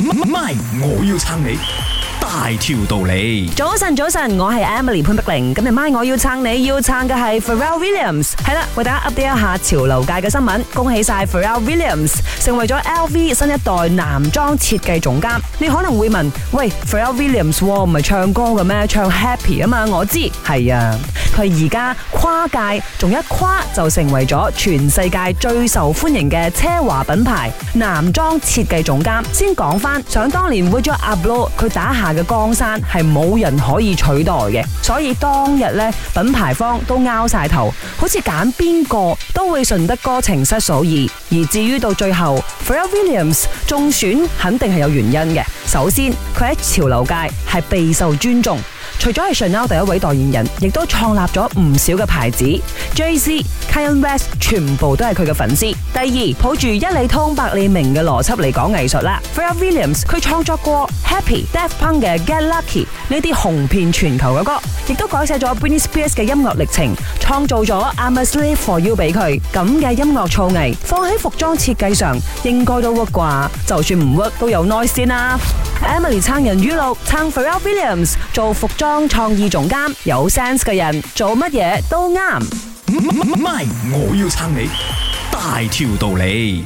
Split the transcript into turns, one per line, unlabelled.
咪咪，我要撐你大條道理。早晨，早晨，我係 Emily 潘碧玲。今日咪我要撐你，要撐嘅係 Pharrell Williams。係啦，為大家 update 一下潮流界嘅新聞。恭喜晒 Pharrell Williams 成為咗 LV 新一代男裝設計總監。你可能會問，喂，Pharrell Williams 唔係唱歌嘅咩？唱 Happy 啊嘛，我知係啊。佢而家跨界，仲一跨就成為咗全世界最受歡迎嘅奢華品牌男裝設計總監。先講翻，想當年 Virgil Abloh 佢打下嘅江山係冇人可以取代嘅，所以當日咧品牌方都拗晒頭，好似揀邊個都會順得哥情失嫂意。而至於到最後 Pharrell Williams 中選，肯定係有原因嘅。首先，佢喺潮流界係備受尊重。除咗係 Chanel 第一位代言人，亦都創立咗唔少嘅牌子。Jay Z、Kanye West 全部都係佢嘅粉絲。第二，抱住一理通百理明嘅邏輯嚟講藝術啦。Pharrell Williams 佢創作過 Happy、Daft Punk 嘅 Get Lucky 呢啲紅遍全球嘅歌，亦都改寫咗 Britney Spears 嘅音樂歷程，創造咗 I'm a Slave for You 俾佢咁嘅音樂造詣。放喺服裝設計上，應該都 work 啩，就算唔 work 都有耐先啦。Emily 撐人語錄撐 Pharrell Williams 做服裝創意總監，有 sense 嘅人做乜嘢都啱。唔係，我要撐你，大條道理。